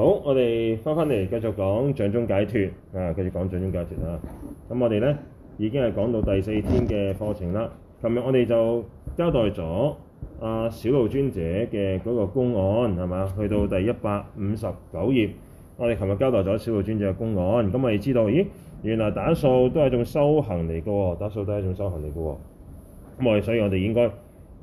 好，我哋翻返嚟繼續講掌中解脫啊！繼續講掌中解脫啊！咁我哋咧已經係講到第四天嘅課程啦。琴日我哋就交代咗阿、啊、小路尊者嘅嗰個公案係嘛，去到第一百五十九頁，我哋琴日交代咗小路尊者嘅公案。咁我哋知道，咦，原來打掃都係一種修行嚟嘅喎，打掃都係一種修行嚟嘅喎。咁我哋所以，我哋應該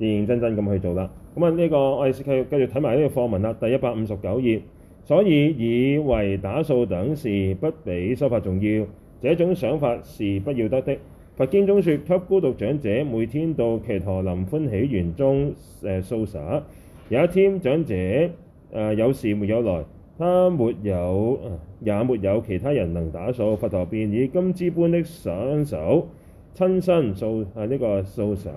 認認真真咁去做啦。咁啊、這個，呢個我哋繼續繼續睇埋呢個課文啦，第一百五十九頁。所以以為打掃等事不比修法重要，這種想法是不要得的。佛經中說，給孤獨長者每天到祗陀林歡喜園中誒掃灑。有一天長者誒、呃、有事沒有來，他沒有、呃，也沒有其他人能打掃，佛陀便以金枝般的雙手親身做誒呢個掃灑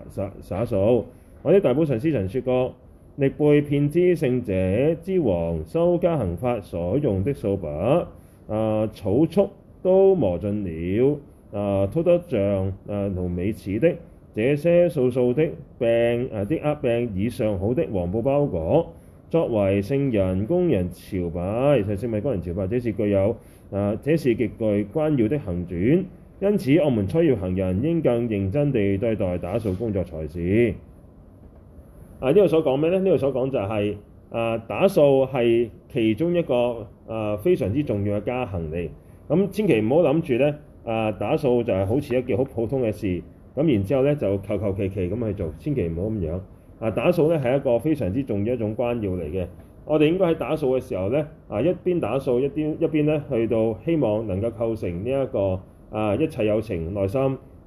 灑掃。我的大寶上師曾説過。歷輩遍知勝者之王修加行法所用的掃把、啊，草束都磨盡了，啊，禿得像，啊，驢尾似的。這些掃帚的柄，啊，啲、呃、柄以上好的黃布包裹，作為聖物供人朝拜，其實是米供人朝拜，這是具有，啊，這是極具關要的行傳，因此我們初業行人應更認真地對待打掃工作才是。啊！呢度所講咩咧？呢度所講就係啊，打掃係其中一個啊非常之重要嘅加行嚟。咁、啊、千祈唔好諗住咧啊，打掃就係好似一件好普通嘅事。咁、啊、然之後咧就求求其其咁去做，千祈唔好咁樣。啊，打掃咧係一個非常之重要一種關要嚟嘅。我哋應該喺打掃嘅時候咧啊，一邊打掃一邊一邊咧去到，希望能夠構成呢、這、一個啊一切有情內心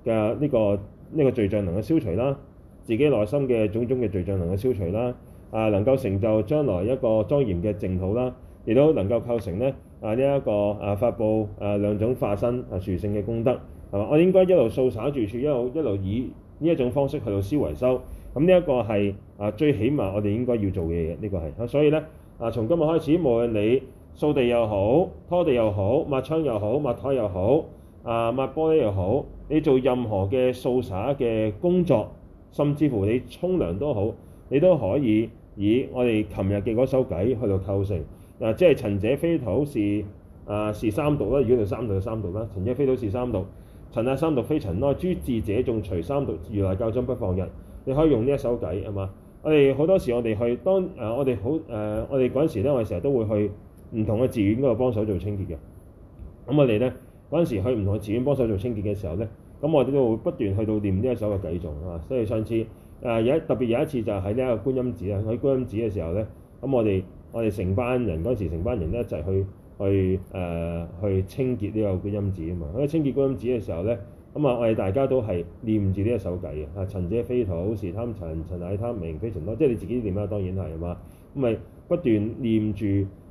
嘅呢、這個呢、這個這個這個罪障能夠消除啦。自己內心嘅種種嘅罪障能夠消除啦，啊，能夠成就將來一個莊嚴嘅淨土啦，亦都能夠構成咧啊呢一、這個啊發佈啊兩種化身啊殊勝嘅功德係嘛？我應該一路掃灑住處，一路一路以呢一種方式去到思維修。咁呢一個係啊最起碼我哋應該要做嘅嘢，呢、這個係、啊。所以咧啊，從今日開始，無論你掃地又好、拖地又好、抹窗又好、抹台又好、啊抹玻璃又好，你做任何嘅掃灑嘅工作。甚至乎你沖涼都好，你都可以以我哋琴日嘅嗰首偈去到構成，嗱、呃、即係塵者非土是，啊、呃、是三毒；啦、呃，如果你三毒就三毒；啦、呃，塵者非土是三毒；塵啊三毒，非塵咯，諸智者眾除三毒，如來教中不放逸。你可以用呢一首偈係嘛？我哋好多時我哋去當誒、呃，我哋好誒，我哋嗰陣時咧，我哋成日都會去唔同嘅寺院嗰度幫手做清潔嘅。咁我哋咧嗰陣時去唔同嘅寺院幫手做清潔嘅時候咧。咁我哋都會不斷去到念呢一首嘅偈頌啊，所以上次誒有、呃、特別有一次就喺呢一個觀音寺啊，喺觀音寺嘅時候咧，咁、嗯、我哋我哋成班人當時成班人都一齊去去誒、呃、去清潔呢個觀音寺啊嘛，喺清潔觀音寺嘅時候咧，咁、嗯、啊、呃、我哋大家都係念住呢一首偈嘅，啊塵者非土，是貪塵，塵乃貪名非常多，即係你自己念啊，當然係啊嘛，咁咪不斷念住，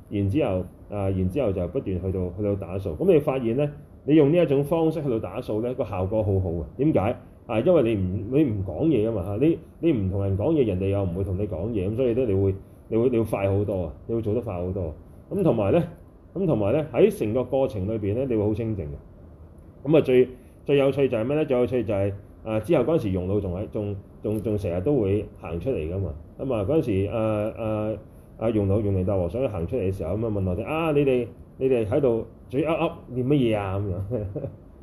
然之後啊、呃、然之後就不斷去到去到打掃，咁、嗯、你發現咧？你用呢一種方式去到打掃咧，個效果好好啊！點解啊？因為你唔你唔講嘢啊嘛嚇，你、啊、你唔同人講嘢，人哋又唔會同你講嘢，咁所以咧你會你會你會快好多啊！你會做得快好多。咁同埋咧，咁同埋咧喺成個過程裏邊咧，你會好清靜嘅。咁啊最最有趣就係咩咧？最有趣就係啊之後嗰陣時，容、啊時啊啊啊，容老仲喺仲仲仲成日都會行出嚟噶嘛。咁啊嗰陣時啊啊啊容老容明大和尚行出嚟嘅時候，咁啊問我哋啊你哋。你哋喺度嘴噏噏念乜嘢啊咁樣？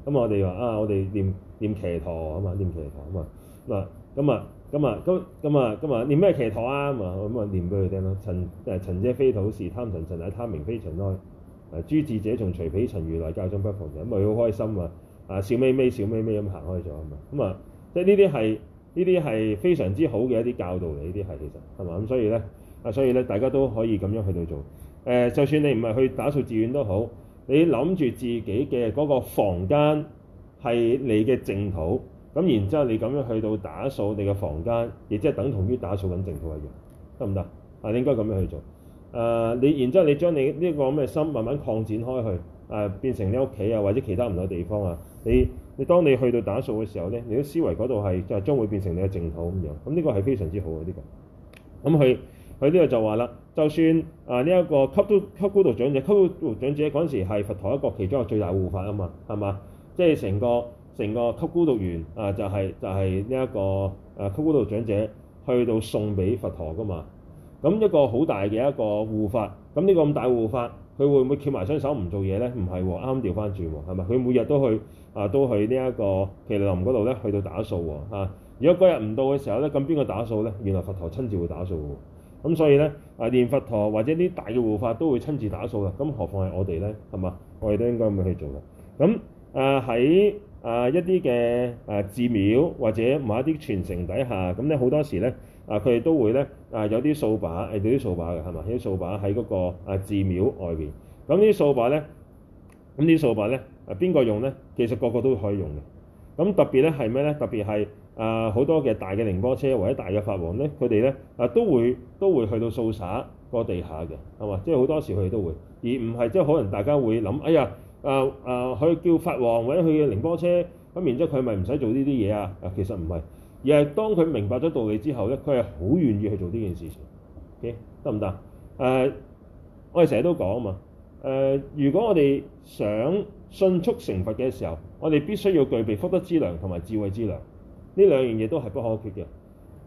咁我哋話啊， 我哋念念騎陀啊嘛，念騎陀啊嘛，咁啊咁啊咁啊咁咁啊念咩騎陀啊？咁啊咁啊念俾佢聽咯。塵，誒，塵者非土是貪塵，塵乃貪名非塵埃。誒，諸智者眾除彼塵，如來教中不放逸。咁啊，佢好開心啊，啊笑眯眯笑眯眯咁行開咗啊嘛。咁啊，即係呢啲係呢啲係非常之好嘅一啲教導嚟，呢啲係其實係嘛咁。所以咧啊，所以咧大家都可以咁樣去到做。誒、呃，就算你唔係去打掃寺院都好，你諗住自己嘅嗰個房間係你嘅淨土，咁然之後你咁樣去到打掃你嘅房間，亦即係等同於打掃緊淨土一樣，得唔得？啊，你應該咁樣去做。誒、呃，你然之後你將你呢個咁嘅心慢慢擴展開去，誒、呃，變成你屋企啊，或者其他唔多地方啊，你你當你去到打掃嘅時候咧，你啲思維嗰度係就係將會變成你嘅淨土咁樣，咁呢個係非常之好嘅呢、這個，咁去。佢呢個就話啦，就算啊呢一、這個給都給孤獨長者，給孤獨長者嗰陣時係佛陀一個其中一個最大護法啊嘛，係嘛？即係成個成個給孤獨園啊，就係、是、就係呢一個啊給孤獨長者去到送俾佛陀㗎嘛。咁一個好大嘅一個護法，咁呢個咁大護法，佢會唔會翹埋雙手唔做嘢咧？唔係、哦，啱啱調翻轉係咪？佢每日都去啊，都去呢一個祗陀林嗰度咧，去到打掃喎、啊啊、如果嗰日唔到嘅時候咧，咁邊個打掃咧？原來佛陀親自會打掃喎。咁所以咧，啊，連佛陀或者啲大嘅護法都會親自打掃嘅，咁何況係我哋咧，係嘛？我哋都應該咁樣去做嘅。咁誒喺啊一啲嘅誒寺廟或者某一啲傳承底下，咁咧好多時咧啊，佢、呃、哋都會咧啊、呃、有啲掃把，誒、呃、有啲掃把嘅係嘛，有啲掃把喺嗰個誒寺廟外邊。咁呢啲掃把咧，咁、呃、呢啲掃把咧，邊個用咧？其實個個都可以用嘅。咁特別咧係咩咧？特別係。啊！好、呃、多嘅大嘅仁波切或者大嘅法王咧，佢哋咧啊都會都會去到掃灑個地下嘅，係嘛？即係好多時佢哋都會而唔係即係可能大家會諗哎呀啊啊、呃呃呃！去叫法王或者佢嘅仁波切咁，然之後佢咪唔使做呢啲嘢啊？啊，其實唔係而係當佢明白咗道理之後咧，佢係好願意去做呢件事情。OK 得唔得？誒、呃，我哋成日都講啊嘛誒、呃，如果我哋想迅速成佛嘅時候，我哋必須要具備福德之糧同埋智慧之糧。呢兩樣嘢都係不可缺嘅。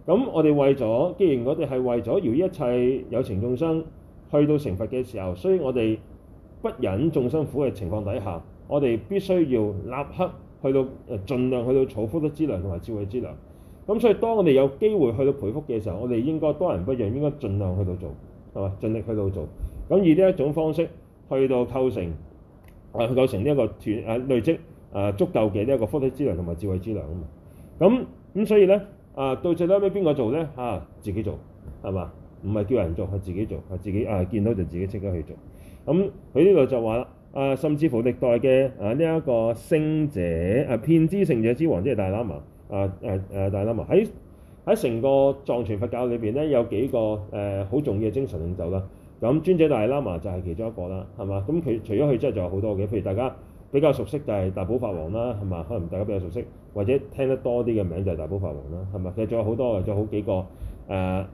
咁我哋為咗，既然我哋係為咗要一切有情眾生去到成佛嘅時候，所以我哋不忍眾生苦嘅情況底下，我哋必須要立刻去到誒，盡量去到儲福德之糧同埋智慧之糧。咁所以當我哋有機會去到培福嘅時候，我哋應該當仁不讓，應該儘量去到做係嘛？盡力去到做。咁以呢一種方式去到構成去、啊、構成呢一個存誒、啊、累積誒、啊、足夠嘅呢一個福德之糧同埋智慧之糧啊！咁咁所以咧，啊到最後尾邊個做咧？嚇、啊、自己做係嘛？唔係叫人做，係自己做，係自己啊！見到就自己即刻去做。咁佢呢度就話啦，啊甚至乎歷代嘅啊呢一個聖者啊，遍知勝者之王即係大喇嘛，啊啊啊，啊大喇嘛喺喺成個藏傳佛教裏邊咧，有幾個誒好、呃、重要嘅精神領袖啦。咁、嗯、尊者大喇嘛就係其中一個啦，係嘛？咁佢除咗佢之外，仲有好多嘅，譬如大家。比較熟悉就係大寶法王啦，係嘛？可能大家比較熟悉，或者聽得多啲嘅名就係大寶法王啦，係咪？其實仲有好多嘅，仲有好幾個誒誒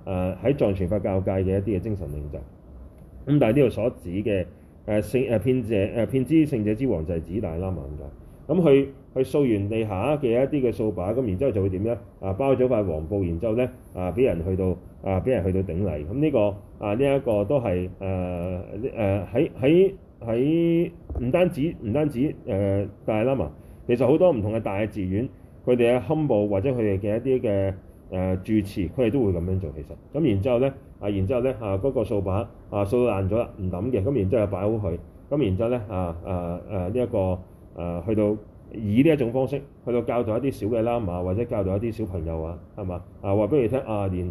喺藏傳佛教界嘅一啲嘅精神領袖。咁但係呢度所指嘅誒聖誒遍者誒遍之勝者之王就係指大喇嘛咁解。咁佢佢掃完地下嘅一啲嘅掃把，咁然之後就會點咧？啊，包咗塊黃布，然之後咧啊，俾人去到啊，俾人去到頂禮。咁呢、呢個、呃呢個呃、啊呢一個都係誒誒喺喺。喺唔單止唔單止誒、呃、大喇嘛，其實好多唔同嘅大寺院，佢哋喺堪布或者佢哋嘅一啲嘅誒住持，佢哋都會咁樣做。其實咁然之後咧啊，然之後咧啊，嗰、啊啊這個掃把啊掃到爛咗啦，唔諗嘅。咁然之後擺好佢，咁然之後咧啊啊啊呢一個啊去到以呢一種方式去到教導一啲小嘅喇嘛，或者教導一啲小朋友啊，係嘛啊話俾你聽啊，連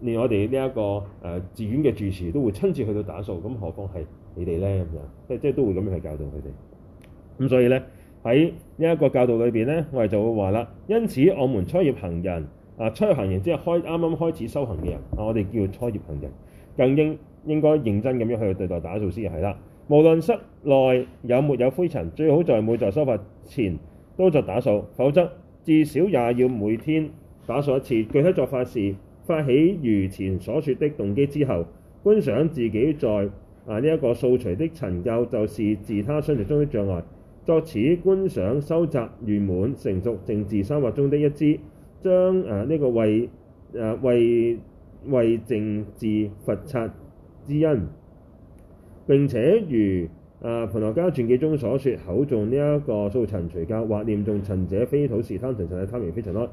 連我哋呢一個誒、呃、寺院嘅住持都會親自去到打掃，咁何況係？你哋咧咁就即即都會咁樣去教導佢哋咁，所以呢，喺呢一個教導裏邊呢，我哋就會話啦。因此，我們初業行人啊，初業行人即係開啱啱開始修行嘅人啊，我哋叫初業行人，更應應該認真咁樣去對待打掃先係啦。無論室內有沒有灰塵，最好在每座修法前都做打掃，否則至少也要每天打掃一次。具體做法是發起如前所說的動機之後，觀想自己在。啊！呢、這、一個掃除的塵垢，就是自他相續中的障礙。作此觀想，修習滿、圓滿成熟淨治三法中的一支，將啊呢、這個為啊為為淨治佛剎之因。並且如啊《槃陀迦傳記》中所說，口誦呢一個掃塵除垢，或念誦塵者非土是，貪塵，塵乃貪名非塵埃。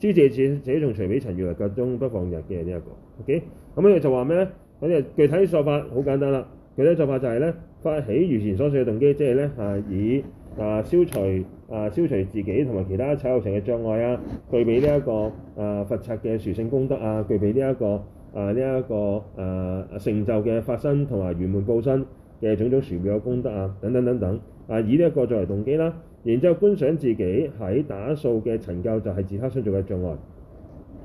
諸智者自自眾除彼塵，如來教中不放逸嘅呢一個。OK，咁、嗯、咧就話咩咧？嗰啲啊具體做法好簡單啦，具體嘅做法就係咧發起如前所說嘅動機，即係咧啊以啊消除啊消除自己同埋其他有情嘅障礙啊，具備呢一個啊佛剎嘅殊勝功德啊，具備呢、這、一個啊呢一個啊、呃、成就嘅法身同埋圓滿報身嘅種種殊妙嘅功德啊，等等等等，啊以呢一個作為動機啦，然之後觀想自己喺打掃嘅塵垢就是、係自他相續嘅障礙，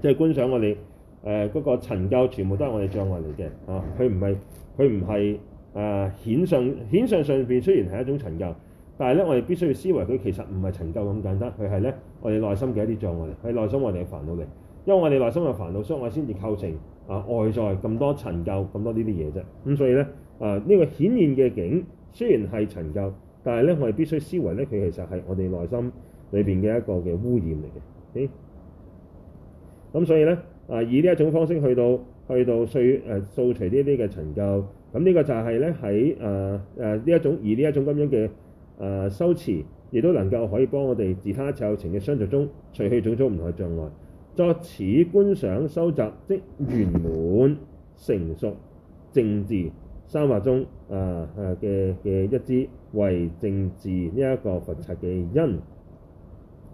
即係觀想我哋。誒嗰、呃那個塵垢全部都係我哋障礙嚟嘅啊！佢唔係佢唔係誒顯上顯上上邊雖然係一種塵垢，但係咧我哋必須要思維，佢其實唔係塵垢咁簡單，佢係咧我哋內心嘅一啲障礙嚟，係內心我哋嘅煩惱嚟。因為我哋內心有煩惱，所以我先至構成啊、呃、外在咁多塵垢、咁多呢啲嘢啫。咁、嗯、所以咧誒呢、呃這個顯現嘅境雖然係塵垢，但係咧我哋必須思維咧，佢其實係我哋內心裏邊嘅一個嘅污染嚟嘅。咁、okay? 所以咧。呃啊！以呢一種方式去到去到掃誒、啊、掃除呢啲嘅塵垢，咁、啊、呢、這個就係咧喺誒誒呢一種以呢一種咁樣嘅誒、啊、修持，亦都能夠可以幫我哋自他有情嘅相續中，除去種種唔同嘅障礙，作此觀想修習，即圓滿成熟淨治三法中啊啊嘅嘅一支為淨治呢一、這個佛剎嘅因。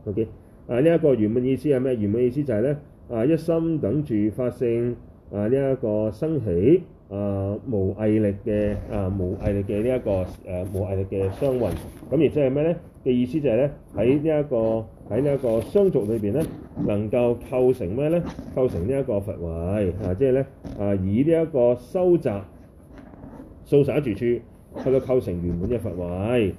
OK，啊呢一、這個圓滿意思係咩？圓滿意思就係咧。啊！一心等住發勝啊！呢一個生起啊無毅力嘅啊無毅力嘅呢一個誒、啊、無毅力嘅雙運，咁亦即係咩咧？嘅意思就係咧喺呢一個喺呢一個相續裏邊咧，能夠構成咩咧？構成呢一個佛位啊，即係咧啊以呢一個收集、收斂住處去到構成圓滿嘅佛位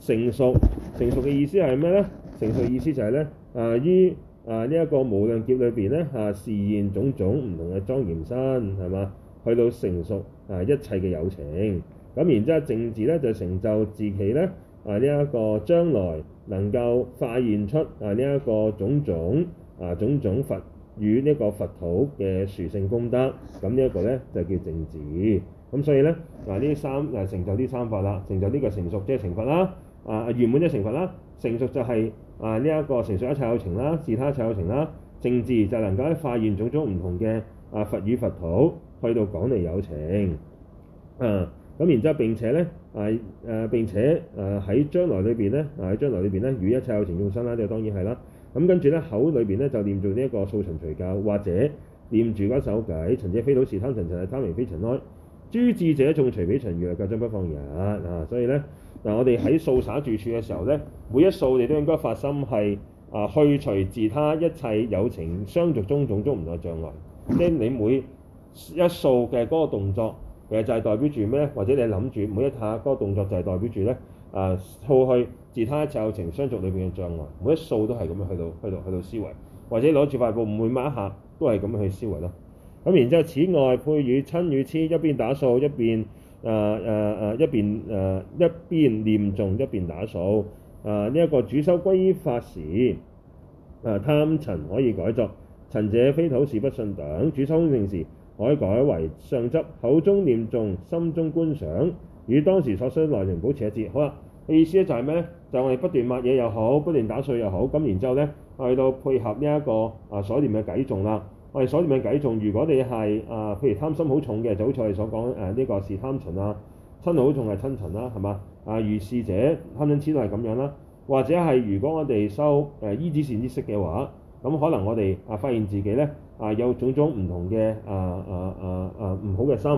成熟成熟嘅意思係咩咧？成熟嘅意，意思就係、是、咧啊依啊！呢、這、一個無量劫裏邊咧，啊示現種種唔同嘅莊嚴身，係嘛？去到成熟啊，一切嘅有情。咁、啊、然之後，淨治咧就成就自己咧。啊！呢、這、一個將來能夠化現出啊呢一、這個種種啊種種佛與呢個佛土嘅殊勝功德。咁、啊這個、呢一個咧就叫淨治。咁、啊、所以咧，嗱、啊、呢三啊成就呢三法啦，成就呢個成熟即係成佛啦。啊！圓滿即係成佛啦。成熟就係、是。啊！呢一個成熟一切有情啦，自他一切有情啦，淨治就能夠喺化現種種唔同嘅啊佛與佛土，去到講嚟有情啊！咁然之後並且咧啊誒並且啊喺將來裏邊咧，啊喺將來裏邊咧與一切有情眾生啦，就當然係啦。咁跟住咧，口裏邊咧就念做呢一個掃塵除垢，或者念住嗰首偈：塵者非土是貪塵，塵是貪名非塵埃。諸智者眾除彼塵，如來教將不放逸。啊！所以咧～嗱、啊，我哋喺掃灑住處嘅時候咧，每一掃你都應該發心係啊，去除自他一切有情相續中種種唔同嘅障礙。即係你每一掃嘅嗰個動作，其實就係代表住咩咧？或者你諗住每一下嗰個動作就係代表住咧啊，掃去自他一切有情相續裏邊嘅障礙。每一掃都係咁樣去到去到去到思維，或者攞住塊布，唔每抹一下都係咁樣去思維咯。咁、啊、然之後，此外配與瞋與痴，一邊打掃一邊。誒誒誒一邊誒、呃、一邊念誦一邊打掃，誒呢一個主修歸依法時，誒、呃、貪塵可以改作塵者非土是不信等，主修空性時可以改為相執，口中念誦心中觀想，與當時所修內容保持一致。好啦、啊、意思咧就係、是、咩就係、是、不斷抹嘢又好不斷打掃又好，咁然之後咧去到配合呢、這、一個啊所念嘅偈誦啦。我哋所講嘅計重，如果你係啊，譬如貪心好重嘅，就好似我哋所講誒呢個是貪塵啊，瞋好重係瞋塵啦，係嘛啊？如是者，堪忍痴都係咁樣啦。或者係如果我哋修誒、呃、依止善知識嘅話，咁可能我哋啊發現自己咧啊有種種唔同嘅啊啊啊啊唔好嘅心，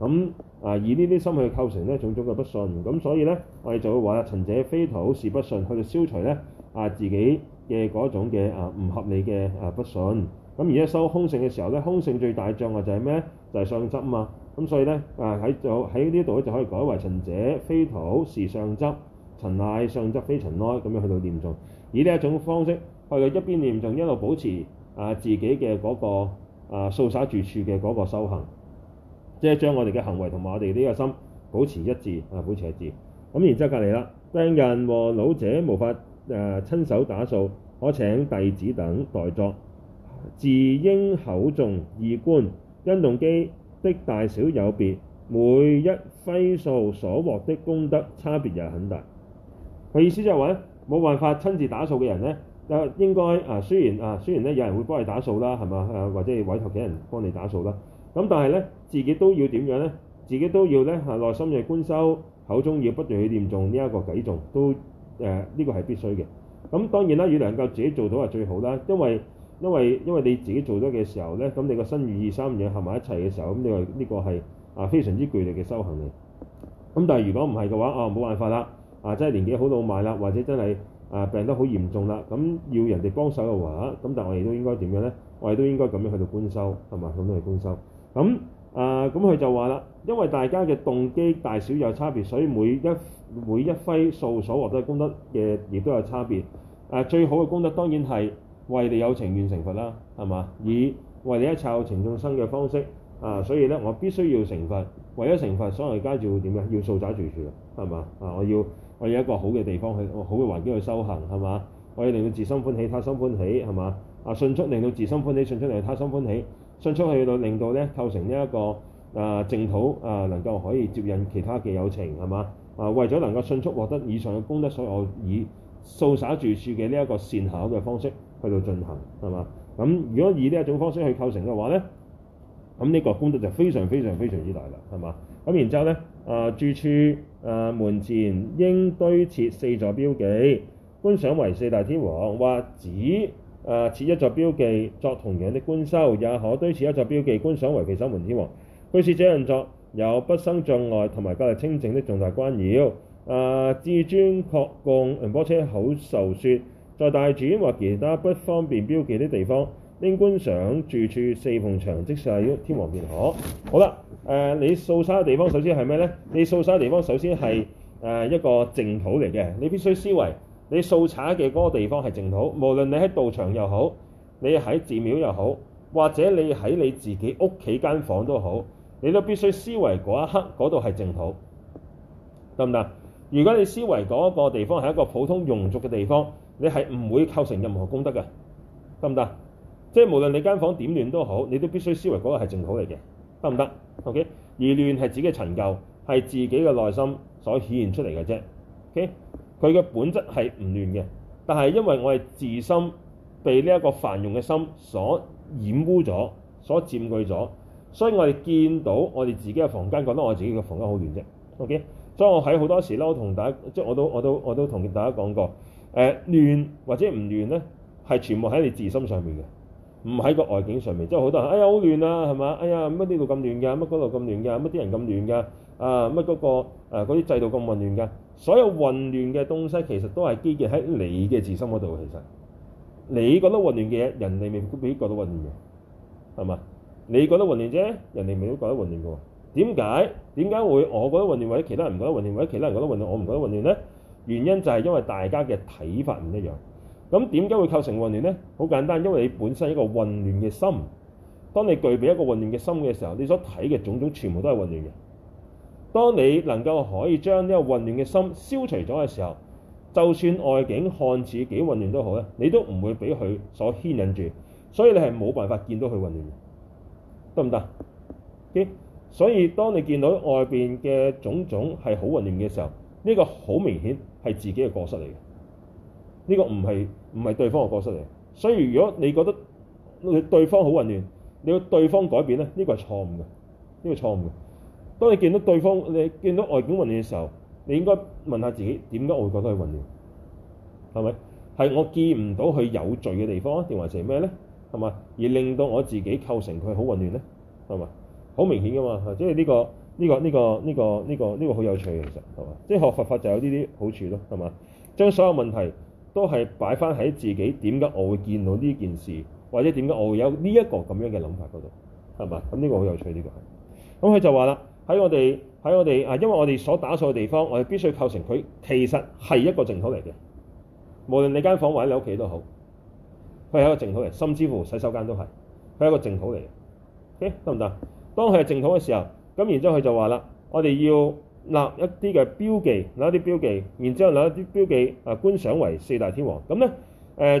咁啊以呢啲心去構成咧種種嘅不信，咁所以咧我哋就會話啊，塵者非土是不信，去到消除咧啊自己嘅嗰種嘅啊唔合理嘅啊不信。咁而家修空性嘅時候咧，空性最大障礙就係咩？就係、是、相執嘛。咁所以咧啊，喺就喺呢度咧就可以改為塵者非土是相執，塵乃相執非塵埃咁樣去到念誦。以呢一種方式去到一邊念誦，一路保持啊自己嘅嗰、那個啊掃灑住處嘅嗰個修行，即係將我哋嘅行為同埋我哋呢個心保持一致啊，保持一致。咁、啊、然之後隔離啦，病人和老者無法誒、啊、親手打掃，可請弟子等代作。自應口誦意觀，因動機的大小有別，每一揮掃所獲的功德差別又很大。佢意思就係話咧，冇辦法親自打掃嘅人咧，啊應該啊雖然啊雖然咧有人會幫你打掃啦，係嘛啊或者委託他其人幫你打掃啦，咁但係咧自己都要點樣咧？自己都要咧啊內心嘅觀修，口中要不斷去念誦呢一個偈頌，都誒呢、啊這個係必須嘅。咁、啊、當然啦，要能夠自己做到係最好啦，因為因為因為你自己做咗嘅時候咧，咁你個身語意三樣合埋一齊嘅時候，咁你話呢個係啊非常之巨力嘅修行嚟。咁但係如果唔係嘅話，啊冇辦法啦，啊真係年紀好老邁啦，或者真係啊病得好嚴重啦，咁要人哋幫手嘅話，咁但係我哋都應該點樣咧？我哋都應該咁樣去到觀修係嘛？咁都係觀修。咁啊咁佢就話啦，因為大家嘅動機大小有差別，所以每一每一揮掃所獲得嘅功德，亦都有差別。誒、啊、最好嘅功德當然係。為你有情願成佛啦，係嘛？以為你一摷情眾生嘅方式啊，所以咧我必須要成佛。為咗成佛，所以我而家要點樣？要掃灑住處啦，係嘛？啊，我要我要一個好嘅地方去，好嘅環境去修行，係嘛？我要令到自心歡喜，他心歡喜，係嘛？啊，迅速令到自心歡喜，迅速令到他心歡喜，迅速去到令到咧構成呢一個啊淨、呃、土啊、呃，能夠可以接引其他嘅有情，係嘛？啊，為咗能夠迅速獲得以上嘅功德，所以我以掃灑住處嘅呢一個善巧嘅方式。去到進行，係嘛？咁如果以呢一種方式去構成嘅話呢，咁呢個功德就非常非常非常之大啦，係嘛？咁然之後呢，啊、呃、住處啊、呃、門前應堆設四座標記，觀想為四大天王，或只啊、呃、設一座標記，作同樣的觀修，也可堆設一座標記，觀想為毘沙門天王。據說這樣作，有不生障礙同埋戒律清淨的重大關要。啊、呃，至尊絳貢，仁波切口授說，在大寺院或其他不方便標記的地方，應觀想住處四旁牆，即使係天王便可。好啦，誒、呃、你掃沙嘅地方首先係咩呢？你掃沙嘅地方首先係誒、呃、一個淨土嚟嘅，你必須思維你掃查嘅嗰個地方係淨土，無論你喺道場又好，你喺寺廟又好，或者你喺你自己屋企間房都好，你都必須思維嗰一刻嗰度係淨土，得唔得？如果你思維嗰個地方係一個普通庸俗嘅地方，你係唔會構成任何功德嘅，得唔得？即係無論你間房點亂都好，你都必須思維嗰個係正道嚟嘅，得唔得？O K。而亂係自己嘅陳舊，係自己嘅內心所顯現出嚟嘅啫。O K。佢嘅本質係唔亂嘅，但係因為我係自心被呢一個煩惱嘅心所染污咗、所佔據咗，所以我哋見到我哋自己嘅房間覺得我自己嘅房間好亂啫。O K。所以我喺好多時咧，我同大家即係我都我都我都同大家講過。誒、呃、亂或者唔亂咧，係全部喺你自心上面嘅，唔喺個外境上面。即係好多人，哎呀好亂啊，係嘛？哎呀乜呢度咁亂㗎？乜嗰度咁亂㗎？乜啲人咁亂㗎？啊乜嗰、嗰個嗰啲、啊、制度咁混亂㗎？所有混亂嘅東西其實都係基於喺你嘅自心嗰度。其實你覺得混亂嘅嘢，人哋未必覺得混亂嘅，係嘛？你覺得混亂啫，人哋未必覺得混亂嘅喎。點解點解會我覺得，覺得混亂，或者其他人覺得混亂，或者其他人覺得混亂，我唔覺得混亂咧？原因就係因為大家嘅睇法唔一樣，咁點解會構成混亂呢？好簡單，因為你本身一個混亂嘅心，當你具備一個混亂嘅心嘅時候，你所睇嘅種種全部都係混亂嘅。當你能夠可以將呢個混亂嘅心消除咗嘅時候，就算外景看似幾混亂都好咧，你都唔會俾佢所牽引住，所以你係冇辦法見到佢混亂嘅，得唔得？O.K.，所以當你見到外邊嘅種種係好混亂嘅時候，呢個好明顯係自己嘅過失嚟嘅，呢個唔係唔係對方嘅過失嚟。所以如果你覺得你對方好混亂，你要對方改變咧，呢個係錯誤嘅，呢個錯誤嘅。當你見到對方你見到外境混亂嘅時候，你應該問下自己點解我會覺得佢混亂？係咪？係我見唔到佢有罪嘅地方啊，定還是咩咧？係嘛？而令到我自己構成佢好混亂咧？係咪？好明顯㗎嘛，即係呢個。呢個呢個呢個呢個呢個好有趣嘅，其實係嘛？即係學佛法就有呢啲好處咯，係嘛？將所有問題都係擺翻喺自己，點解我會見到呢件事，或者點解我會有呢一個咁樣嘅諗法嗰度係嘛？咁呢個好有趣，呢個係咁佢就話啦，喺我哋喺我哋啊，因為我哋所打掃嘅地方，我哋必須構成佢其實係一個淨土嚟嘅。無論你間房或者你屋企都好，佢係一個淨土嚟，甚至乎洗手間都係佢係一個淨土嚟嘅。誒得唔得？當佢係淨土嘅時候。咁然之後佢就話啦，我哋要立一啲嘅標記，攞一啲標記，然之後攞一啲標記啊觀想為四大天王。咁咧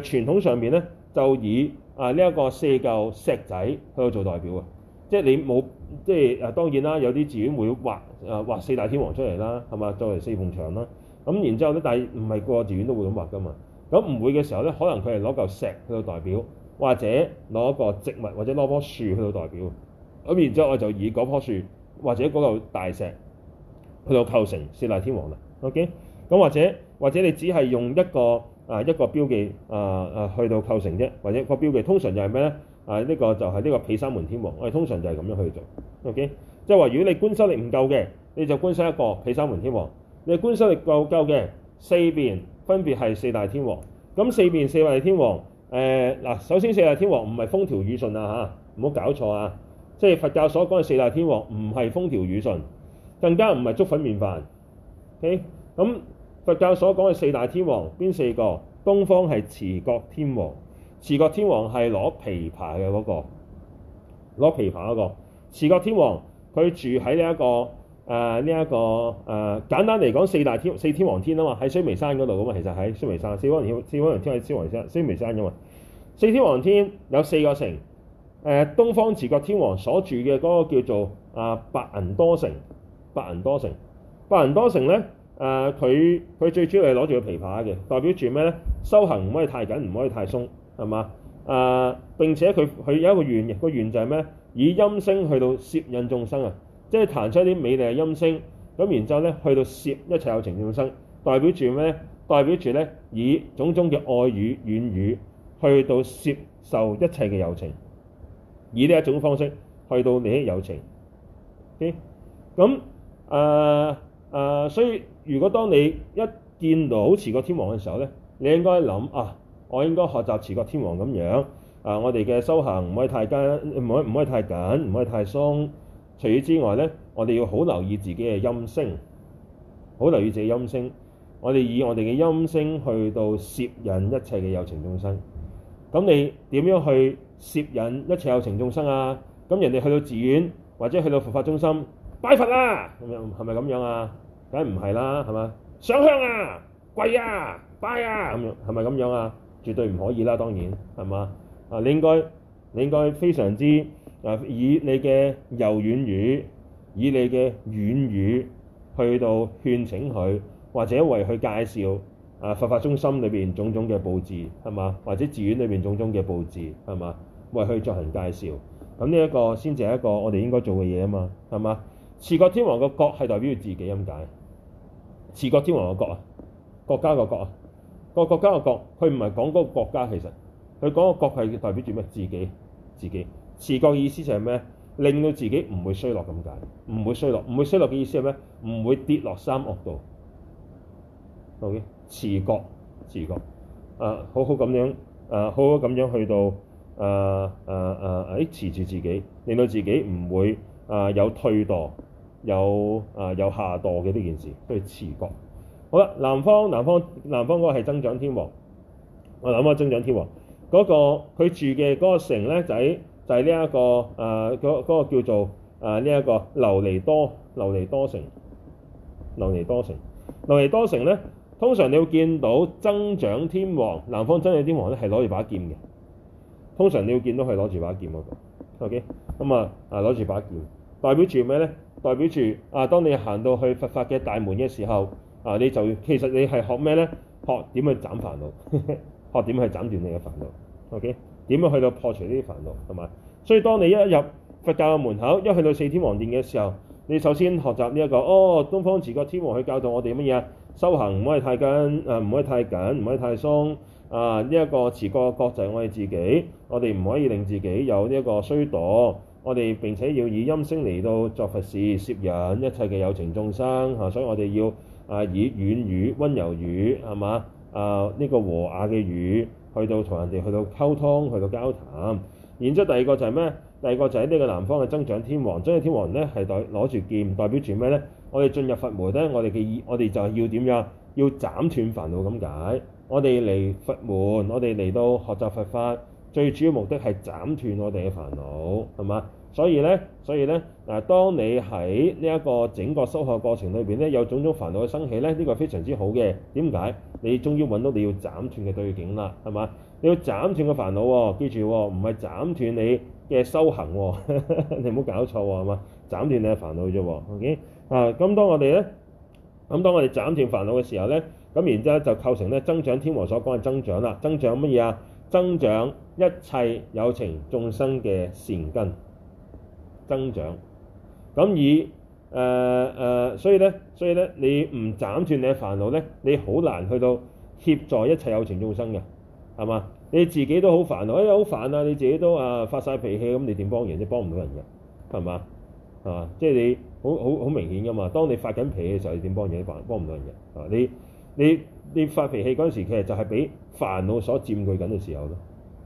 誒傳統上面咧就以啊呢一、這個四嚿石仔去到做代表啊，即係你冇即係啊當然啦，有啲寺院會畫啊畫四大天王出嚟啦，係嘛作為四面牆啦。咁、啊、然之後咧，但係唔係個個寺院都會咁畫噶嘛？咁、啊、唔會嘅時候咧，可能佢係攞嚿石去到代表，或者攞個植物或者攞棵樹去到代表。咁然之後我就以嗰棵樹。或者嗰嚿大石去到構成四大天王啦，OK？咁或者或者你只係用一個啊一個標記啊啊去到構成啫，或者個標記通常就係咩咧？啊呢、這個就係呢個毘沙門天王，我、啊、哋通常就係咁樣去做，OK？即係話如果你觀修力唔夠嘅，你就觀修一個毘沙門天王；你觀修力夠夠嘅，四邊分別係四大天王。咁四邊四大天王，誒、呃、嗱，首先四大天王唔係風調雨順啊嚇，唔好搞錯啊！即係佛教所講嘅四大天王，唔係風調雨順，更加唔係粥粉麵飯。咁、okay? 佛教所講嘅四大天王邊四個？東方係持國天王，持國天王係攞琵琶嘅嗰、那個，攞琵琶嗰、那個。持國天王佢住喺呢一個誒呢一個誒、呃、簡單嚟講四大天四天王天啊嘛，喺須彌山嗰度噶嘛，其實喺須彌山。四方天四方天喺四王天須彌山噶嘛。四天王天有四個城。誒、呃，東方持國天王所住嘅嗰個叫做啊、呃，白銀多城。白銀多城，白銀多城咧。誒、呃，佢佢最主要係攞住個琵琶嘅，代表住咩咧？修行唔可以太緊，唔可以太鬆，係嘛？誒、呃，並且佢佢有一個願嘅，個願就係咩？以音聲去到攝引眾生啊，即係彈出一啲美麗嘅音聲，咁然之後咧去到攝一切有情眾生，代表住咩咧？代表住咧以種種嘅愛語、軟語去到攝受一切嘅有情。以呢一種方式去到你嘅有情咁，OK？啊啊，所以如果當你一見到持國天王嘅時候咧，你應該諗啊，我應該學習持國天王咁樣啊，我哋嘅修行唔可，可，可以太緊，唔可以唔可以太緊，唔可以太鬆。除此之外咧，我哋要好留意自己嘅音聲，好留意自己音聲。我哋以我哋嘅音聲去到攝引一切嘅有情眾生。咁你點樣去？攝引一切有情眾生啊！咁人哋去到寺院或者去到佛法中心拜佛啊，咁樣係咪咁樣啊？梗係唔係啦，係嘛？上香啊，跪啊，拜啊，咁樣係咪咁樣啊？絕對唔可以啦，當然係嘛？啊，你應該你應該非常之啊，以你嘅柔軟語，以你嘅軟語去到勸請佢，或者為佢介紹啊佛法中心裏邊種種嘅佈置係嘛，或者寺院裏邊種種嘅佈置係嘛？為去進行介紹，咁呢一個先至係一個我哋應該做嘅嘢啊嘛，係嘛？持國天王個國係代表住自己咁解。持國天王個國啊，國家個國啊，國國個國家個國，佢唔係講嗰個國家，其實佢講個國係代表住咩？自己自己持國意思就係咩？令到自己唔會衰落咁解，唔會衰落，唔會衰落嘅意思係咩？唔會跌落三惡道。OK，持國持國啊，好好咁樣啊，好好咁樣去到。誒誒誒誒，uh, uh, uh, 持住自己，令到自己唔會誒、uh, 有退墮，有誒、uh, 有下墮嘅呢件事，都要持覺。好啦，南方南方南方嗰個係增長天王。我南方增長天王嗰、那個佢住嘅嗰個城咧，就喺、是、就係呢一個誒嗰、uh, 叫做誒呢一個琉璃多琉璃多城，琉璃多城琉璃多城咧，通常你會見到增長天王南方增長天王咧係攞住把劍嘅。通常你要見到佢攞住把劍嗰度、那個，OK，咁、嗯、啊啊攞住把劍，代表住咩咧？代表住啊，當你行到去佛法嘅大門嘅時候，啊你就其實你係學咩咧？學點去斬煩惱， 學點去斬斷你嘅煩惱，OK，點去到破除呢啲煩惱同埋。Okay? 所以當你一入佛教嘅門口，一去到四天王殿嘅時候，你首先學習呢、這、一個，哦，東方持國天王去教導我哋乜嘢？修行唔可以太緊，啊唔可以太緊，唔可以太鬆。啊！呢、這、一個持國國際，我哋自己，我哋唔可以令自己有呢一個衰惰，我哋並且要以音聲嚟到作佛事，攝引一切嘅有情眾生嚇、啊，所以我哋要啊以軟語、溫柔語，係嘛啊呢、這個和雅嘅語去到同人哋去到溝通、去到交談。然之後第二個就係咩？第二個就係呢個南方嘅增長天王，增長天王呢係代攞住劍，代表住咩呢？我哋進入佛門呢，我哋嘅意，我哋就係要點樣？要斬斷煩惱咁解。我哋嚟佛門，我哋嚟到學習佛法，最主要目的係斬斷我哋嘅煩惱，係嘛？所以咧，所以咧，嗱，當你喺呢一個整個修學過程裏邊咧，有種種煩惱嘅生起咧，呢個係非常之好嘅。點解？你終於揾到你要斬斷嘅對境啦，係嘛？你要斬斷嘅煩惱喎，記住，唔係斬斷你嘅修行喎， 你唔好搞錯喎，係嘛？斬斷你嘅煩惱啫喎，OK？啊，咁當我哋咧，咁當我哋斬斷煩惱嘅時候咧。咁然之後就構成咧增長天王所講嘅增長啦。增長乜嘢啊？增長一切有情眾生嘅善根增長。咁以誒誒、呃呃，所以咧，所以咧，你唔斬斷你嘅煩惱咧，你好難去到協助一切有情眾生嘅，係嘛？你自己都好煩惱，哎呀好煩啊！你自己都啊、呃、發晒脾氣咁，你點幫人？你幫唔到人嘅係嘛？係嘛？即係你好好好明顯㗎嘛。當你發緊脾氣嘅時候，你點幫人？幫唔到人嘅啊你。你你發脾氣嗰陣時，其實就係俾煩惱所佔據緊嘅時候咯，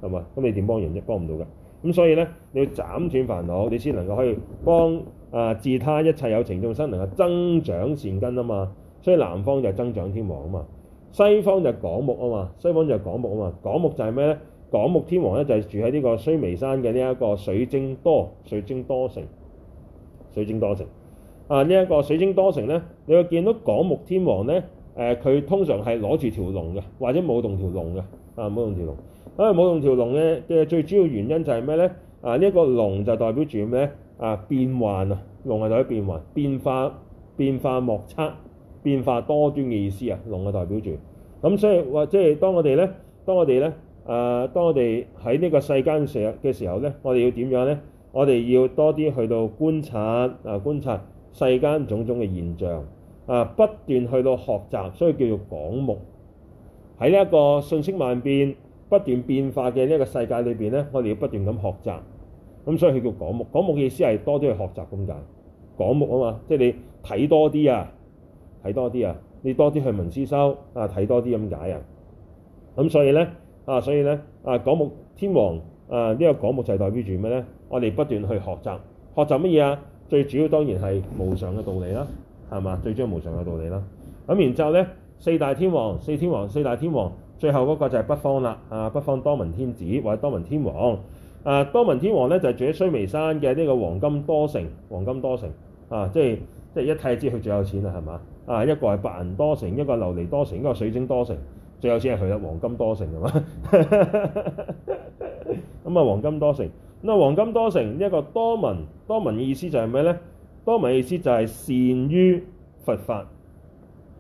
係嘛？咁你點幫人啫？幫唔到嘅。咁所以咧，你要斬斷煩惱，你先能夠可以幫啊、呃，自他一切有情眾生能夠增長善根啊嘛。所以南方就增長天王啊嘛，西方就係廣目啊嘛，西方就係廣目啊嘛。廣目就係咩咧？廣目天王咧就係、是、住喺呢個須彌山嘅呢一個水晶多、水晶多城、水晶多城啊。呢、這、一個水晶多城咧，你會見到廣目天王咧，誒佢、呃、通常係攞住條龍嘅，或者舞動條龍嘅，啊舞動條龍。因為舞動條龍咧嘅最主要原因就係咩咧？啊呢一、這個龍就代表住咩啊，變幻啊，龍係代表變幻、變化、變化莫測、變化多端嘅意思啊，龍係代表住。咁、啊、所以或、啊、即係當我哋咧，當我哋咧，啊當我哋喺呢個世間嘅時候咧，我哋要點樣咧？我哋要多啲去到觀察啊，觀察世間種種嘅現象。啊！不斷去到學習，所以叫做廣目。喺呢一個信息萬變、不斷變化嘅呢一個世界裏邊咧，我哋要不斷咁學習。咁所以佢叫廣目，廣目嘅意思係多啲去學習咁解。廣目啊嘛，即係你睇多啲啊，睇多啲啊，你多啲去聞思修啊，睇多啲咁解啊。咁、啊、所以咧，啊所以咧，啊廣目天王啊、這個、講呢個廣目就係代表住咩咧？我哋不斷去學習，學習乜嘢啊？最主要當然係無常嘅道理啦。係嘛？最終無常嘅道理啦。咁、啊、然之後咧，四大天王、四天王、四大天王，最後嗰個就係北方啦。啊，北方多聞天子或者多聞天王。啊，多聞天王咧就係、住喺須彌山嘅呢個黃金多城。黃金多城啊，即係即係一睇知佢最有錢啦，係嘛？啊，一個係白銀多城，一個係琉璃多城，一個水晶多城，最有錢係佢啦。黃金多城係嘛？咁 啊，黃金多城。咁啊，黃金多城呢一、一個多聞多聞嘅意思就係咩咧？多聞意思就係善於佛法。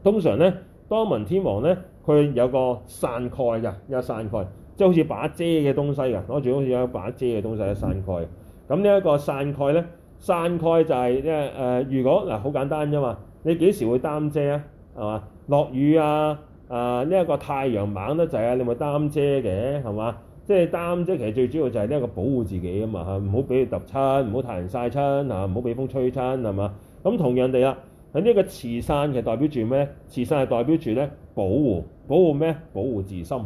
通常咧，多聞天王咧，佢有個傘蓋㗎，有傘蓋，即係好似把遮嘅東西㗎，攞住好似有一把遮嘅東西，一傘蓋。咁呢一個傘蓋咧，傘蓋、嗯、就係即係誒，如果嗱好、呃、簡單啫嘛，你幾時會擔遮啊？係嘛，落雨啊，啊呢一個太陽猛得滯啊，你咪擔遮嘅係嘛。即係擔遮，即其實最主要就係呢一個保護自己啊嘛嚇，唔好俾佢揼親，唔好太陽曬親嚇，唔好俾風吹親係嘛。咁同樣哋啦，喺呢一個持傘其實代表住咩咧？持傘係代表住咧保護，保護咩？保護自心，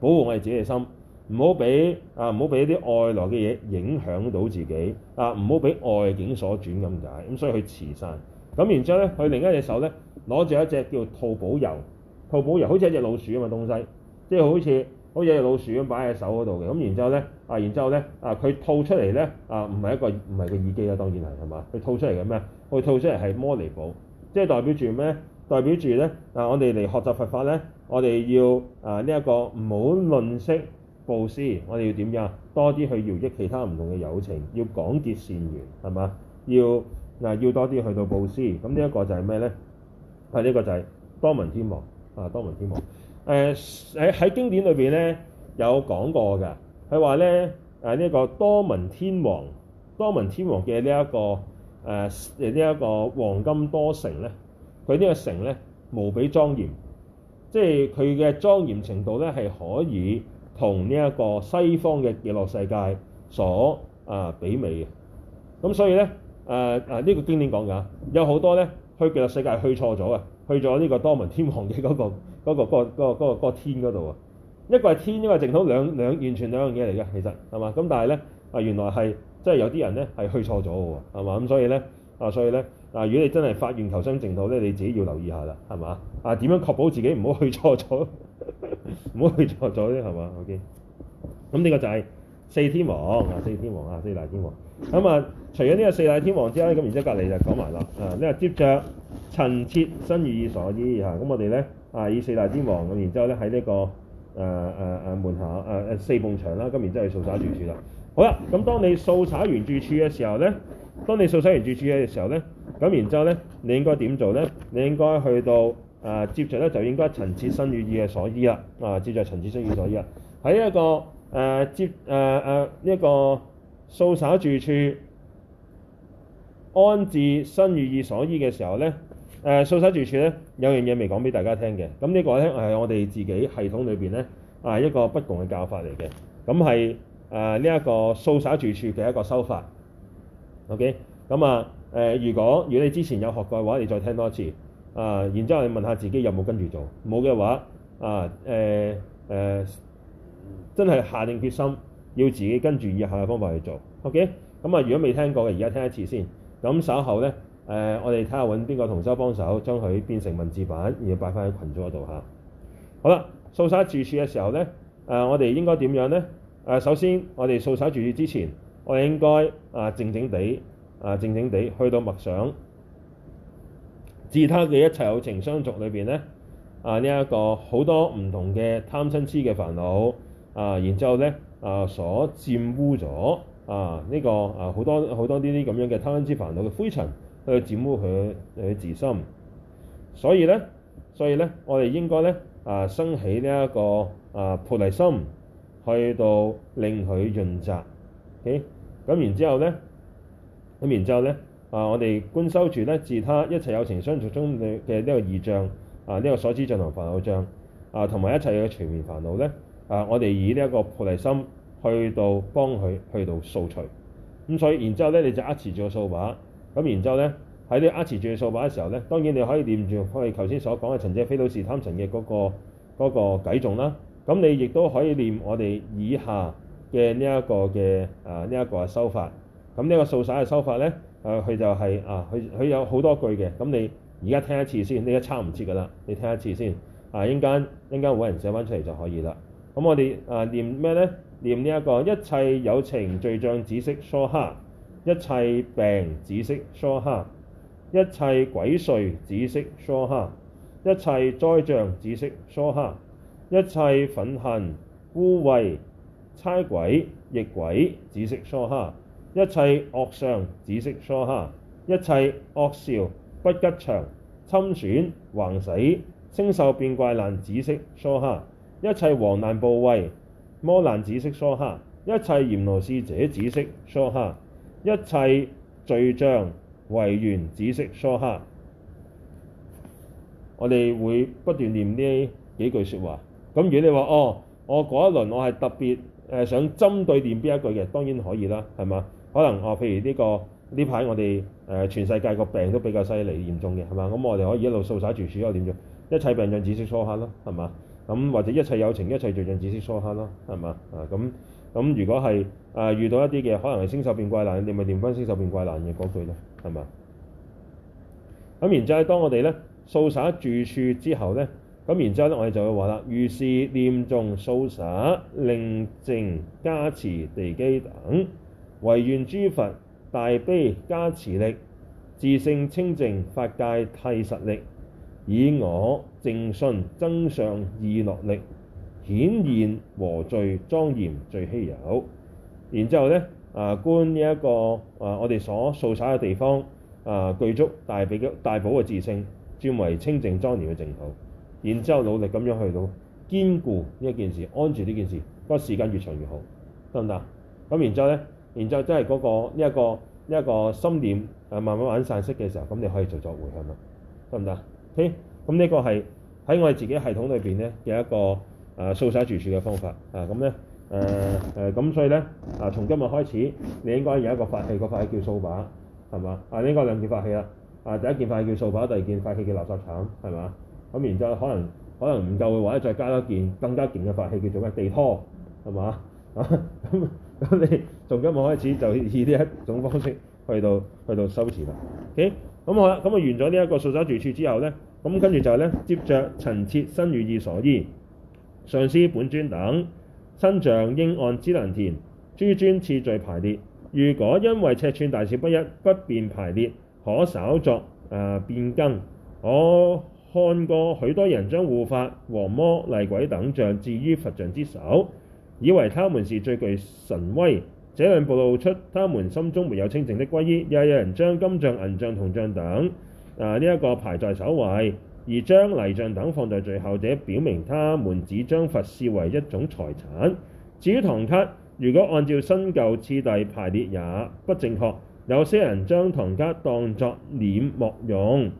保護我哋自己嘅心，唔好俾啊唔好俾一啲外來嘅嘢影響到自己啊，唔好俾外境所轉咁解。咁所以佢持傘。咁，然之後咧佢另一隻手咧攞住一隻叫做吐寶鼬，吐寶鼬好似一隻老鼠啊嘛東西，即係好似。好似隻老鼠咁擺喺手嗰度嘅，咁然之後咧，啊，然之後咧，啊，佢吐出嚟咧，啊，唔係一個唔係個耳機啦，當然係係嘛，佢吐出嚟嘅咩？佢吐出嚟係摩尼寶，即係代表住咩？代表住咧，啊，我哋嚟學習佛法咧，我哋要啊呢一個唔好吝惜布施，我哋要點樣？多啲去饒益其他唔同嘅有情，要廣結善緣係嘛？要嗱、啊、要多啲去到布施，咁呢一個就係咩咧？係、啊、呢個就係多聞天王啊，多聞天王。誒，喺喺經典裏邊咧有講過嘅，佢話咧誒，呢一、啊這個多聞天王多聞天王，嘅呢一個誒，呢一個黃金多城咧，佢呢個城咧無比莊嚴，即係佢嘅莊嚴程度咧係可以同呢一個西方嘅極樂世界所啊比美嘅。咁所以咧誒誒，呢、啊啊這個經典講嘅有好多咧去極樂世界去錯咗嘅，去咗呢個多聞天王嘅嗰個。嗰、那個、嗰、那個、嗰、那個那個那個、天嗰度啊，一個係天，一、那個係淨土，兩兩完全兩樣嘢嚟嘅，其實係嘛咁，但係咧啊，原來係即係有啲人咧係去錯咗嘅喎，係嘛咁，所以咧啊，所以咧啊，如果你真係發願求生淨土咧，你自己要留意下啦，係嘛啊，點樣確保自己唔好去錯咗，唔 好去錯咗咧，係嘛？OK，咁呢個就係四天王啊，四天王啊，四大天王咁啊。除咗呢個四大天王之外，咁然之後隔籬就講埋啦啊，呢、啊、個接着陳設身語意所依啊，咁我哋咧。啊！以四大天王咁，然之後咧喺呢個誒誒誒門下誒誒四埲牆啦，咁然之後去掃灑住處啦。好啦，咁、嗯、當你掃灑完住處嘅時候咧，當你掃灑完住處嘅時候咧，咁然之後咧，你應該點做咧？你應該去到啊、呃，接著咧就應該陳設身語意嘅所依啦。啊，接著陳設身語意啦。喺一個誒、呃、接誒誒呢一個掃灑、呃這個、住處安置身語意所依嘅時候咧。呢誒掃灑住處咧，有樣嘢未講俾大家聽嘅，咁呢個咧係我哋自己系統裏邊咧啊一個不共嘅教法嚟嘅，咁係誒呢一個掃灑住處嘅一個修法，OK，咁啊誒、呃，如果如果你之前有學過嘅話，你再聽多一次啊，然之後你問下自己有冇跟住做，冇嘅話啊誒誒、呃呃，真係下定決心要自己跟住以下嘅方法去做，OK，咁啊如果未聽過嘅，而家聽一次先，咁稍後咧。誒、呃，我哋睇下揾邊個同修幫手，將佢變成文字版，然後擺翻喺群組度嚇。好啦，掃灑住處嘅時候咧，誒、呃，我哋應該點樣咧？誒、呃，首先我哋掃灑住處之前，我哋應該啊靜靜地啊靜靜地去到默想，自他嘅一切有情相續裏邊咧啊呢一、呃這個好多唔同嘅貪嗔痴嘅煩惱啊，然後呢、呃呃這個呃、這這之後咧啊所玷污咗啊呢個啊好多好多啲啲咁樣嘅貪嗔痴煩惱嘅灰塵。去佔污佢佢自心，所以咧，所以咧，我哋應該咧啊，生起呢、這、一個啊菩提心，去到令佢潤澤。o、okay? 咁然之後咧，咁然之後咧啊，我哋觀修住咧，自他一切有情相續中嘅呢個二障啊，呢、這個所知障同煩惱障啊，同埋一切嘅隨眠煩惱咧啊，我哋以呢一個菩提心去到幫佢去到掃除。咁所以然之後咧，你就握持住個掃把。咁、嗯、然之後咧，喺啲揸住掃把嘅時候咧，當然你可以念住我哋頭先所講嘅塵者非土是貪塵嘅嗰、那個偈頌、那個那個、啦。咁你亦都可以念我哋以下嘅呢一個嘅啊呢一、這個嘅修法。咁呢個掃灑嘅修法咧，啊佢就係、是、啊佢佢有好多句嘅。咁你而家聽一次先，你而家抄唔切㗎啦。你聽一次先，啊應間應間會,會有人寫翻出嚟就可以啦。咁我哋啊唸咩咧？念呢一、這個一切有情罪障止息梭哈。一切病，紫色疏黑；一切鬼祟，紫色疏黑；一切災障，紫色疏黑；一切憤恨、污畏、猜鬼、逆鬼，紫色疏黑；一切惡相，紫色疏黑；一切惡笑、不吉祥、侵損、橫死、星獸變怪難，紫色疏黑；一切王難，部位魔難，紫色疏黑；一切閻羅使者，紫色疏黑。一切罪障為緣紫色梳黑，我哋會不斷念呢幾句說話。咁如果你話哦，我嗰一輪我係特別誒想針對唸邊一句嘅，當然可以啦，係嘛？可能我、哦、譬如呢、呢個呢排我哋誒、呃、全世界個病都比較犀利嚴重嘅，係嘛？咁我哋可以一路掃晒住處，因為點啫？一切病障紫色梳黑咯，係嘛？咁或者一切有情、一切罪障紫色梳黑咯，係嘛？啊咁。咁如果係誒、呃、遇到一啲嘅，可能係星宿變怪難，你咪念翻星宿變怪難嘅嗰句咧，係咪？咁然之後，當我哋咧掃灑住處之後咧，咁然之後咧，我哋就會話啦，如是念誦掃灑，令淨加持地基等，唯願諸佛大悲加持力，自性清淨法界替實力，以我正信增上意樂力，顯現和最莊嚴最稀有，然之後咧啊、呃，觀呢、這、一個啊、呃，我哋所掃灑嘅地方啊，具、呃、足大比大寶嘅自性，轉為清淨莊嚴嘅淨土。然之後努力咁樣去到堅固呢一件事，安住呢件事，個時間越長越好，得唔得？咁然之後咧，然之後即係嗰個呢一、這個呢一、這個這個心念啊，慢慢玩散息嘅時候，咁你可以就作回向啦，得唔得？OK，咁呢個係喺我哋自己系統裏邊咧嘅一個。啊！掃灑住處嘅方法啊，咁咧誒誒，咁所以咧啊，從今日開始，你應該有一個法器，個法器叫掃把，係嘛啊？你應該兩件法器啦。啊，第一件法器叫掃把，第二件法器叫垃圾鏟，係嘛？咁然之後可能可能唔夠嘅話，再加一件更加勁嘅法器，叫做咩地拖，係嘛？啊咁咁，你從今日開始就以呢一種方式去到去到收錢啦。OK，咁好啦，咁啊完咗呢一個掃灑住處之後咧，咁跟住就咧接着陳設身、語、意所依。上師本尊等身像應按資糧田諸尊次序排列。如果因為尺寸大小不一，不便排列，可稍作啊、呃、變更。我看過許多人將護法、王魔、厲鬼等像置於佛像之首，以為他們是最具神威，這樣暴露出他們心中沒有清淨的皈依。也有人將金像、銀像、銅像，像等啊呢一個排在首位。而將泥像等放在最後者，表明他們只將佛視為一種財產。至於唐卡，如果按照新舊次第排列也不正確。有些人將唐卡當作簾幕用，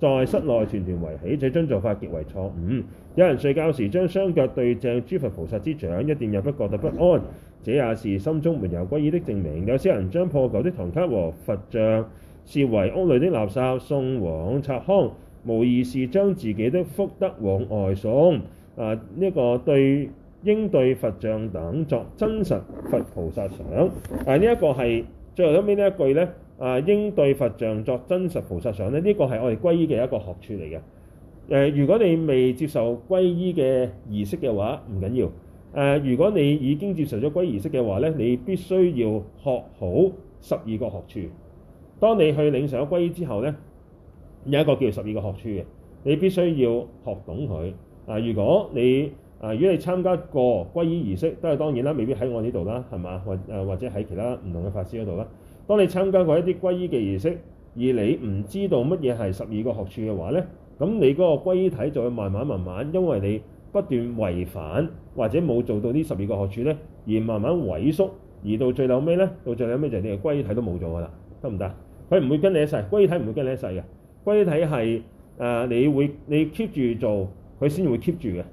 在室內團團圍起，這種做法極為錯誤。有人睡覺時將雙腳對正諸佛菩薩之掌，一點也不覺得不安，這也是心中沒有皈依的證明。有些人將破舊的唐卡和佛像視為屋裏的垃圾，送往擦康。無疑是將自己的福德往外送，啊呢、這個對應對佛像等作真實佛菩薩想。啊呢一、這個係最後尾呢一句咧，啊應對佛像作真實菩薩想咧，呢個係我哋歸依嘅一個學處嚟嘅。誒、啊，如果你未接受歸依嘅儀式嘅話，唔緊要。誒、啊，如果你已經接受咗歸依儀式嘅話咧，你必須要學好十二個學處。當你去領受咗歸依之後咧。有一個叫十二個學處嘅，你必須要學懂佢。啊，如果你啊，如果你參加過皈依儀式，都係當然啦，未必喺我呢度啦，係嘛？或誒或者喺其他唔同嘅法師嗰度啦。當你參加過一啲皈依嘅儀式，而你唔知道乜嘢係十二個學處嘅話咧，咁你嗰個皈依體就會慢慢慢慢，因為你不斷違反或者冇做到呢十二個學處咧，而慢慢萎縮，而到最後尾咧，到最後尾就係你個皈依體都冇咗㗎啦，得唔得？佢唔會跟你一世，皈依體唔會跟你一世嘅。歸依體係，誒、呃，你會你 keep 住做，佢先至會 keep 住嘅。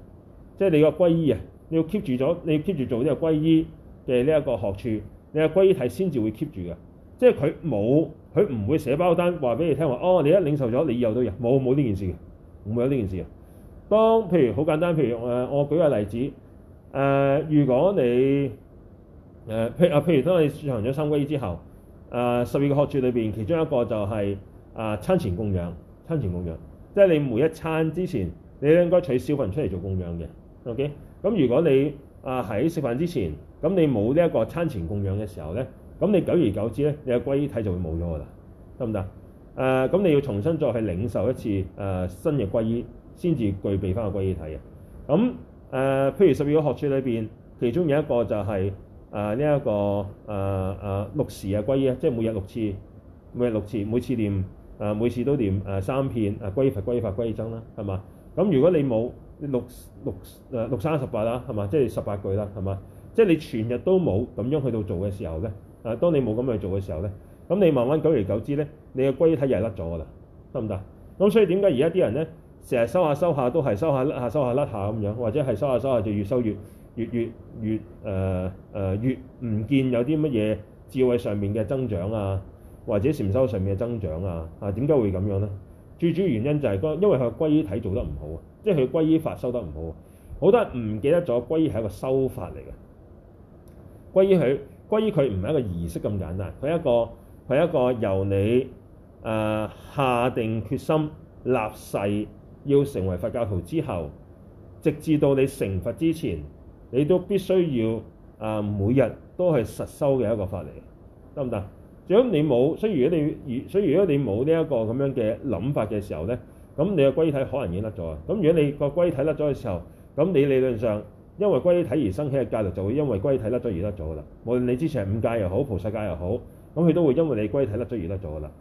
即係你個歸依啊，你要 keep 住咗，你 keep 住做呢個歸依嘅呢一個學處，你嘅歸依體先至會 keep 住嘅。即係佢冇，佢唔會寫包單話俾你聽話，哦，你一領受咗，你以後都有，冇冇呢件事嘅，冇有呢件事嘅。當譬如好簡單，譬如誒、呃，我舉個例子，誒、呃，如果你誒譬誒譬如當你進行咗三歸依之後，誒、呃，十二個學處裏邊，其中一個就係、是。啊、呃，餐前供養，餐前供養，即係你每一餐之前，你應該取少份出嚟做供養嘅。O K，咁如果你啊喺食飯之前，咁你冇呢一個餐前供養嘅時候咧，咁你久而久之咧，你嘅皈依體就會冇咗噶啦，得唔得？誒、呃，咁你要重新再去領受一次誒、呃、新嘅皈依，先至具備翻個皈依體嘅。咁、啊、誒、呃，譬如十二個學處裏邊，其中有一個就係誒呢一個誒誒、呃呃、六時啊皈依啊，即係每，每日六次，每日六次，每次唸。誒、啊、每次都念誒、啊、三片誒，歸一佛、歸一法、歸一僧啦，係嘛？咁如果你冇六六誒、呃、六三十八啦，係嘛？即係十八句啦，係嘛？即係你全日都冇咁樣去到做嘅時候咧，誒、啊，當你冇咁樣去做嘅時候咧，咁你慢慢久而久之咧，你嘅歸一體又係甩咗㗎啦，得唔得？咁所以點解而家啲人咧，成日收下收下，都係收下甩下收下甩下咁樣，或者係收下收下就越收越越越越誒誒、呃呃呃、越唔見有啲乜嘢智慧上面嘅增長啊，或者禪修上面嘅增長啊，啊，點解會咁樣呢？最主要原因就係因為佢皈依體做得唔好啊，即係佢皈依法修得唔好。好多人唔記得咗，皈依係一個修法嚟嘅。皈依佢，皈依佢唔係一個儀式咁簡單，佢係一個佢係一個由你誒、呃、下定決心立誓要成為佛教徒之後，直至到你成佛之前，你都必須要啊、呃、每日都係實修嘅一個法嚟，得唔得？如果你冇，所以如果你如，所以如果你冇呢一個咁樣嘅諗法嘅時候咧，咁你個皈體可能已經甩咗啊！咁如果你個皈體甩咗嘅時候，咁你理論上因為皈體而生起嘅戒律就會因為皈體甩咗而甩咗噶啦。無論你之前係五戒又好，菩薩戒又好，咁佢都會因為你皈體甩咗而甩咗噶啦。誒、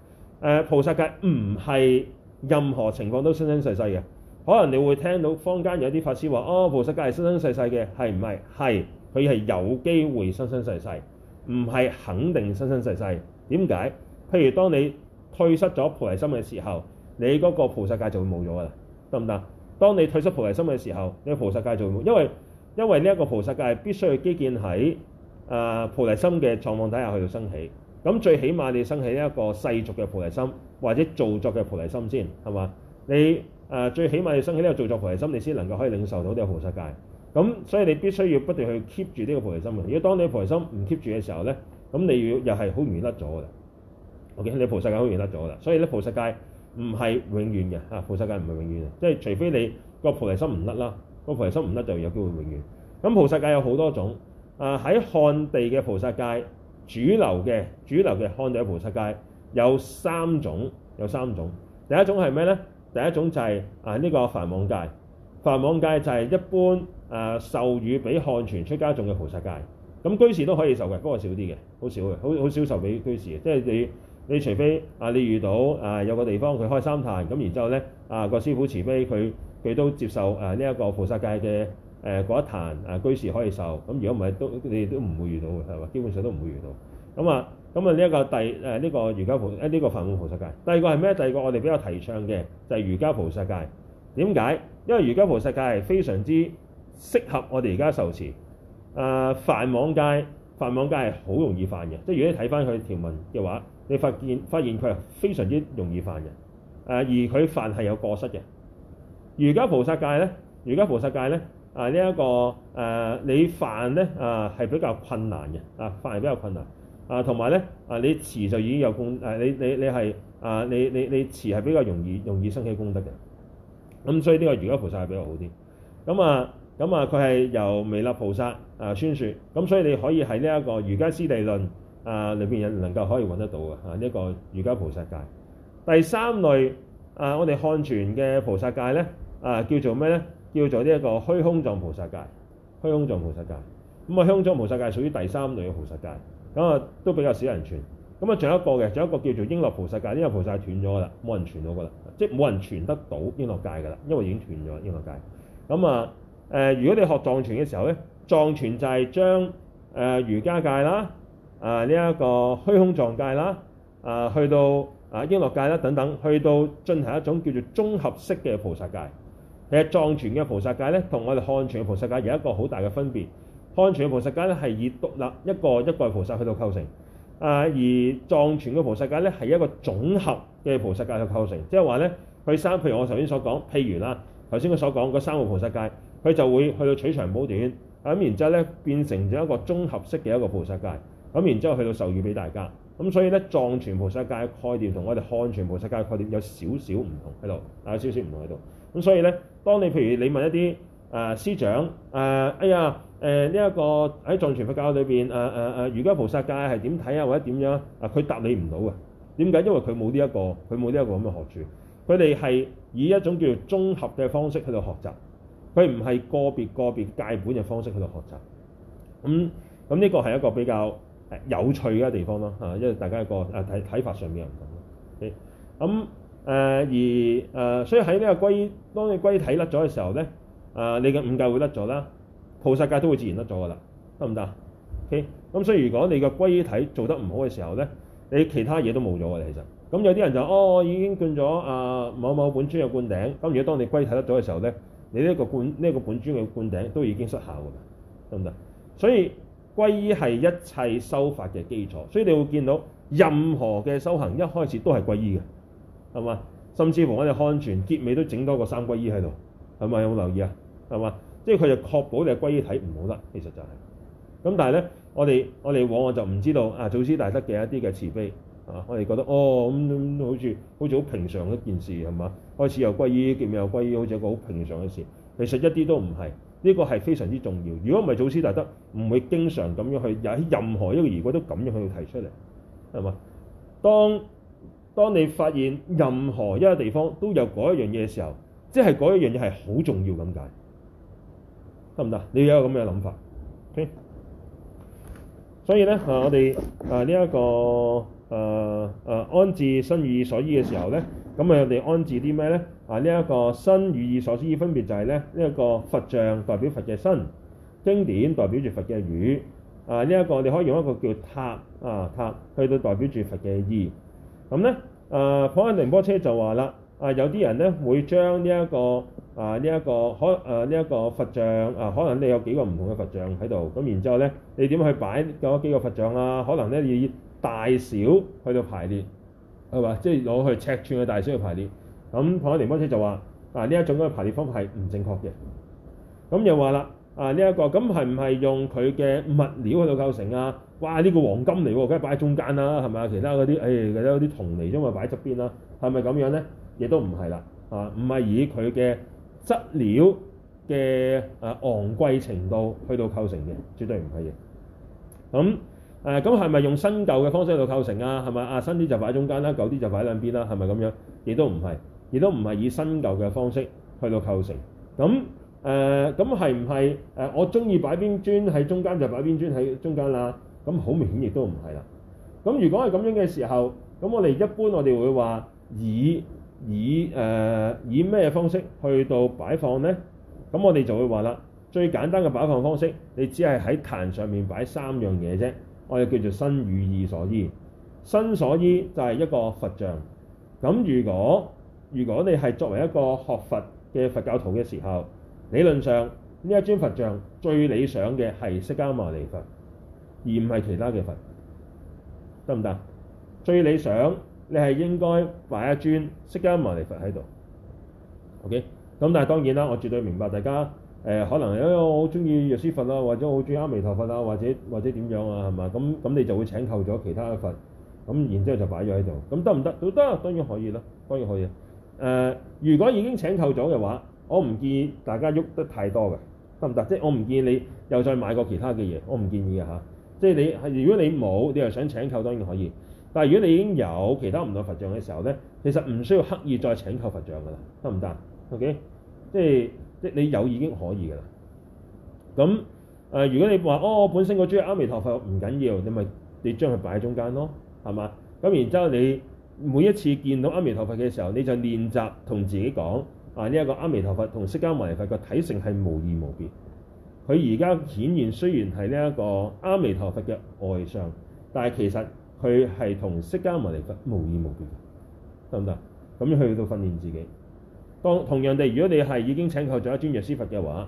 呃，菩薩戒唔係任何情況都生生世世嘅，可能你會聽到坊間有啲法師話：哦，菩薩戒係生生世世嘅，係唔係？係，佢係有機會生生世世，唔係肯定生生世世。點解？譬如當你退失咗菩提心嘅時候，你嗰個菩薩戒就會冇咗噶啦，得唔得？當你退失菩提心嘅時候，你菩薩戒就會冇，因為因為呢一個菩薩戒必須要基建喺誒菩提心嘅狀況底下去到生起。咁最起碼你生起呢一個世俗嘅菩提心或者造作嘅菩提心先係嘛？你誒、呃、最起碼你生起呢個造作菩提心，你先能夠可以領受到呢個菩薩戒。咁所以你必須要不斷去 keep 住呢個菩提心。如果當你菩提心唔 keep 住嘅時候咧，咁你要又係好容易甩咗噶，我、okay？見你菩薩界好容易甩咗噶啦，所以咧菩薩界唔係永遠嘅啊，菩薩界唔係永遠嘅，即係除非你個菩提心唔甩啦，個菩提心唔甩就有機會永遠。咁菩薩界有好多種啊，喺漢地嘅菩薩界主流嘅主流嘅漢地嘅菩薩界有三種，有三種。第一種係咩咧？第一種就係、是、啊呢、這個繁網界，繁網界就係一般誒、啊、授予俾漢傳出家眾嘅菩薩界。咁居士都可以受嘅，不過少啲嘅，好少嘅，好好少受俾居士嘅。即係你，你除非啊，你遇到啊、呃、有個地方佢開三壇，咁然之後咧啊個師傅慈悲，佢佢都接受啊呢一個菩薩戒嘅誒嗰一壇啊居士可以受。咁如果唔係都你都唔會遇到嘅，係嘛？基本上都唔會遇到。咁、嗯、啊咁啊呢一個第誒呢、呃這個瑜伽、這個、菩誒呢個梵網菩薩戒，第二個係咩？第二個我哋比較提倡嘅就係、是、瑜伽菩薩戒。點解？因為瑜伽菩薩戒係非常之適合我哋而家受持。啊，梵網戒，梵網戒係好容易犯嘅，即係如果你睇翻佢條文嘅話，你發現發現佢係非常之容易犯嘅。啊，而佢犯係有過失嘅。瑜伽菩薩戒咧，瑜伽菩薩戒咧，啊呢一、這個誒、啊，你犯咧啊係比較困難嘅，啊犯係比較困難。啊，同埋咧啊，你持就已經有功，誒，你你你係啊，你你你持係、啊、比較容易容易生起功德嘅。咁、啊、所以呢個瑜伽菩薩係比較好啲。咁啊。啊啊啊咁啊，佢係由彌勒菩薩啊宣説，咁所以你可以喺呢一個《瑜伽師地論》啊裏邊有能夠可以揾得到嘅啊呢個瑜伽菩薩戒。第三類啊，我哋漢傳嘅菩薩戒咧啊，叫做咩咧？叫做呢一個虛空藏菩薩戒。虛空藏菩薩戒，咁啊，虛空藏菩薩戒係屬於第三類嘅菩薩戒，咁啊都比較少人傳。咁啊，仲有一個嘅，仲有一個叫做瓔珞菩薩戒。呢個菩薩戒斷咗㗎啦，冇人傳到㗎啦，即係冇人傳得到瓔珞戒㗎啦，因為已經斷咗瓔珞戒。咁啊～誒，如果你學藏傳嘅時候咧，藏傳就係將誒、呃、瑜伽界啦，啊呢一個虛空藏界啦，啊、呃、去到啊、呃、英諾界英樂界啦等等，去到進行一種叫做綜合式嘅菩薩界。其實藏傳嘅菩薩界咧，同我哋漢傳嘅菩薩界有一個好大嘅分別。漢傳嘅菩薩界咧係以獨立一個一個,一個菩薩去到構成，啊、呃、而藏傳嘅菩薩界咧係一個總合嘅菩薩界去構成，即係話咧佢三，譬如我頭先所講，譬如啦頭先佢所講嘅三個菩薩界。佢就會去到取長補短，咁然之後咧變成咗一個綜合式嘅一個菩薩戒。咁然之後去到授與俾大家。咁所以咧藏傳菩薩戒嘅概念同我哋漢傳菩薩戒嘅概念有少少唔同喺度，有少少唔同喺度。咁所以咧，當你譬如你問一啲啊、呃、師長啊、呃，哎呀誒呢一個喺藏傳佛教裏邊啊啊啊如家菩薩戒係點睇啊，或者點樣啊，佢答你唔到嘅。點解？因為佢冇呢一個佢冇呢一個咁嘅學處，佢哋係以一種叫做綜合嘅方式喺度學習。佢唔係個別個別戒本嘅方式去度學習，咁咁呢個係一個比較誒有趣嘅地方咯嚇、啊，因為大家一個誒睇睇法上面又唔同。O K，咁誒而誒、呃，所以喺呢個皈當你皈體甩咗嘅時候咧，誒、呃、你嘅五戒會甩咗啦，菩薩戒都會自然甩咗㗎啦，得唔得？O K，咁所以如果你嘅皈體做得唔好嘅時候咧，你其他嘢都冇咗㗎。其實咁有啲人就哦已經灌咗啊某某本尊有灌頂，咁如果當你皈體甩咗嘅時候咧，你呢一個灌呢一個本尊嘅灌頂都已經失效㗎啦，得唔得？所以歸依係一切修法嘅基礎，所以你會見到任何嘅修行一開始都係歸依嘅，係嘛？甚至乎我哋看傳結尾都整多個三歸依喺度，係咪？有冇留意啊？係嘛？即係佢就確保你嘅歸依體唔好得，其實就係、是、咁。但係咧，我哋我哋往往就唔知道啊祖師大德嘅一啲嘅慈悲。啊！我哋覺得哦，咁、嗯嗯、好似好似好平常一件事係嘛？開始又歸依，結尾又歸依，好似一個好平常嘅事。其實一啲都唔係，呢個係非常之重要。如果唔係，祖師大德唔會經常咁樣去有任何一個儀軌都咁樣去提出嚟，係嘛？當當你發現任何一個地方都有嗰一樣嘢嘅時候，即係嗰一樣嘢係好重要咁解，得唔得？你要有咁嘅諗法、okay? 所以咧，啊我哋啊呢一、這個。誒誒、呃呃、安置身語意所依嘅時候咧，咁啊我哋安置啲咩咧？啊呢一、這個身語意所依分別就係咧呢一、這個佛像代表佛嘅身，經典代表住佛嘅語，啊呢一、這個你可以用一個叫塔啊塔去到代表住佛嘅意。咁咧誒普安仁波切就話啦，啊有啲人咧會將呢一個啊呢一、這個可誒呢一個佛像啊，可能你有幾個唔同嘅佛像喺度，咁然之後咧你點去擺嗰幾個佛像啦、啊？可能咧要。大小去到排列係嘛？即係攞去尺寸嘅大小去排列。咁旁邊啲仁波切就話：啊，呢一種嘅排列方法係唔正確嘅。咁、嗯、又話啦：啊，呢、這、一個咁係唔係用佢嘅物料去到構成啊？哇！呢、這個黃金嚟，梗係擺喺中間啦、啊，係嘛？其他嗰啲，哎，嗰啲嗰啲銅嚟，因為擺喺側邊啦，係咪咁樣咧？亦都唔係啦。啊，唔係以佢嘅質料嘅啊昂貴程度去到構成嘅，絕對唔係嘅。咁、嗯誒咁係咪用新舊嘅方式去到構成啊？係咪啊？新啲就擺喺中間啦，舊啲就擺喺兩邊啦、啊，係咪咁樣？亦都唔係，亦都唔係以新舊嘅方式去到構成。咁誒咁係唔係誒我中意擺邊磚喺中間就擺邊磚喺中間啦、啊？咁好明顯亦都唔係啦。咁如果係咁樣嘅時候，咁我哋一般我哋會話以以誒、呃、以咩方式去到擺放呢？咁我哋就會話啦，最簡單嘅擺放方式，你只係喺壇上面擺三樣嘢啫。我又叫做身語意所依，身所依就係一個佛像。咁如果如果你係作為一個學佛嘅佛教徒嘅時候，理論上呢一尊佛像最理想嘅係釋迦牟尼佛，而唔係其他嘅佛，得唔得？最理想你係應該擺一尊釋迦牟尼佛喺度。OK，咁但係當然啦，我絕對明白大家。誒、呃、可能因、哎、我好中意藥師佛啊，或者我好中意阿彌陀佛啊，或者或者點樣啊，係嘛？咁咁你就會請購咗其他嘅佛，咁然之後就擺咗喺度，咁得唔得？得、哦，當然可以啦，當然可以。誒、呃，如果已經請購咗嘅話，我唔建議大家喐得太多嘅，得唔得？即係我唔建議你又再買過其他嘅嘢，我唔建議嘅嚇。即係你係如果你冇，你又想請購當然可以，但係如果你已經有其他唔同佛像嘅時候咧，其實唔需要刻意再請購佛像嘅啦，得唔得？OK，即係。即你有已經可以㗎啦。咁、嗯、誒，如果你話哦，我本身個鍾意阿彌陀佛唔緊要，你咪你將佢擺喺中間咯，係嘛？咁然之後你每一次見到阿彌陀佛嘅時候，你就練習同自己講啊，呢、這、一個阿彌陀佛同釋迦牟尼佛嘅體性係無異無別。佢而家顯然雖然係呢一個阿彌陀佛嘅外相，但係其實佢係同釋迦牟尼佛無異無別，得唔得？咁去到訓練自己。同樣地，如果你係已經請求咗一尊藥師佛嘅話，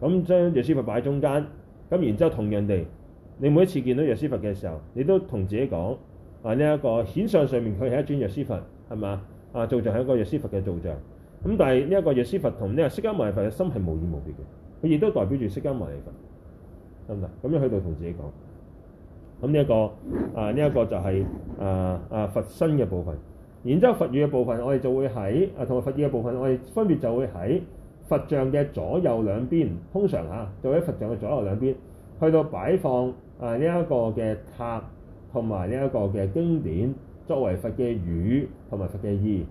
咁將藥師佛擺喺中間，咁然之後同樣地，你每一次見到藥師佛嘅時候，你都同自己講：啊呢一個顯相上面佢係一尊藥師佛，係嘛？啊造像係一個藥師佛嘅造像。咁但係呢一個藥師佛同呢個釋迦牟尼佛嘅心係無二無別嘅，佢亦都代表住釋迦牟尼佛，得唔得？咁樣去度同自己講。咁呢一個啊呢一個就係啊啊佛身嘅部分。然之後，佛語嘅部分，我哋就會喺啊，同埋佛意嘅部分，我哋分別就會喺佛像嘅左右兩邊。通常嚇，就喺佛像嘅左右兩邊去到擺放啊呢一個嘅塔同埋呢一個嘅經典，作為佛嘅語同埋佛嘅意。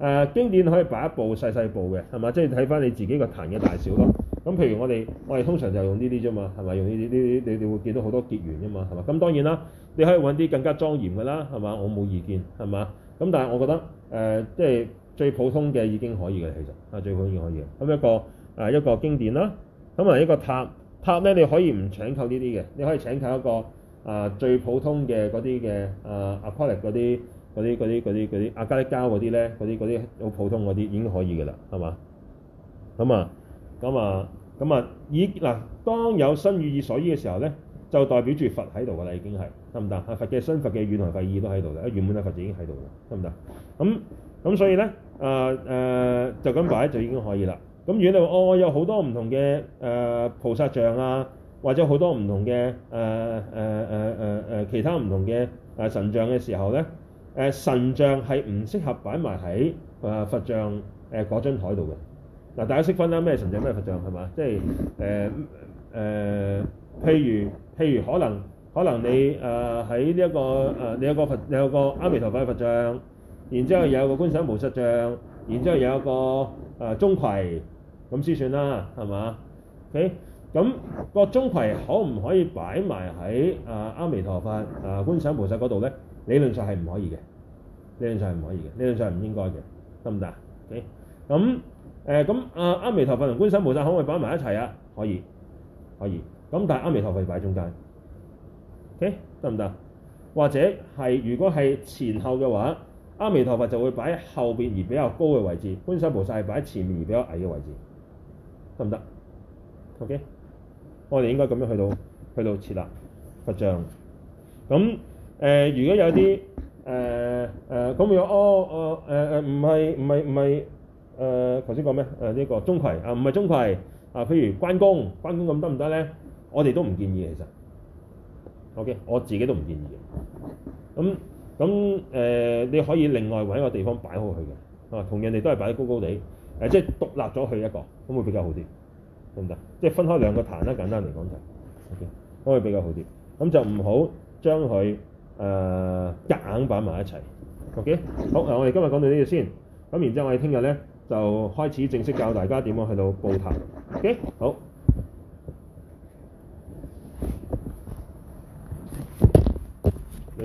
誒、啊、經典可以擺一部細細部嘅，係嘛？即係睇翻你自己個壇嘅大小咯。咁譬如我哋，我哋通常就用呢啲啫嘛，係咪？用呢啲呢啲，你哋會見到好多結緣吖嘛，係嘛？咁當然啦，你可以揾啲更加莊嚴嘅啦，係嘛？我冇意見，係嘛？咁、嗯、但係我覺得誒即係最普通嘅已經可以嘅，其實係、啊、最普通嘅可以嘅。咁一個誒、啊、一個經典啦，咁啊一個塔塔咧，你可以唔請購呢啲嘅，你可以請購一個啊最普通嘅嗰啲嘅啊阿膠嗰啲嗰啲嗰啲啲啲阿加膠嗰啲咧，嗰啲啲好普通嗰啲已經可以嘅啦，係嘛？咁啊咁啊咁啊以嗱，當有身語意所依嘅時候咧。就代表住佛喺度㗎啦，已經係，得唔得？佛嘅身，佛嘅語，佛意都喺度啦，原本嘅啊佛已經喺度啦，得唔得？咁、嗯、咁、嗯、所以咧誒誒就咁擺就已經可以啦。咁、嗯、如果你話哦，我有好多唔同嘅誒、呃、菩薩像啊，或者好多唔同嘅誒誒誒誒誒其他唔同嘅誒神像嘅時候咧，誒、呃、神像係唔適合擺埋喺誒佛像誒嗰、呃、張台度嘅嗱，大家識分啦咩神像咩佛像係嘛？即係誒誒譬如。譬如可能可能你誒喺呢一個誒、呃、你有個佛你有個阿彌陀佛嘅佛像，然之後有個觀世音菩薩像，然之後有一個誒、呃、鍾馗，咁先算啦，係嘛？OK，咁、嗯咁個鍾馗可唔可以擺埋喺誒阿彌陀佛誒、呃、觀世音菩薩嗰度咧？理論上係唔可以嘅，理論上係唔可以嘅，理論上係唔應該嘅，得唔得？OK，咁誒咁阿阿彌陀佛同觀世音菩薩可唔可以擺埋一齊啊？可以，可以。可以。咁但係阿彌陀佛係擺喺中間，OK，得唔得？或者係如果係前後嘅話，阿彌陀佛就會擺喺後邊而比較高嘅位置，觀世菩薩係擺喺前面而比較矮嘅位置，得唔得？OK，我哋應該咁樣去到去到設立佛像。咁誒、呃，如果有啲誒誒，咁、呃呃、樣哦，誒、呃、誒，唔係唔係唔係誒，頭先講咩？誒呢個鍾馗啊，唔係鍾馗啊，譬、啊、如關公，關公咁得唔得咧？我哋都唔建議，其實，OK，我自己都唔建議嘅。咁咁誒，你可以另外揾一個地方擺好佢嘅，啊，同人哋都係擺得高高地，誒、呃，即係獨立咗佢一個，咁會比較好啲，得唔得？即係分開兩個壇啦，簡單嚟講就，OK，可以比較好啲。咁就唔好將佢誒夾硬擺埋一齊，OK。好，嗱，我哋今日講到呢度先，咁然之後我哋聽日咧就開始正式教大家點樣去到布壇，OK，好。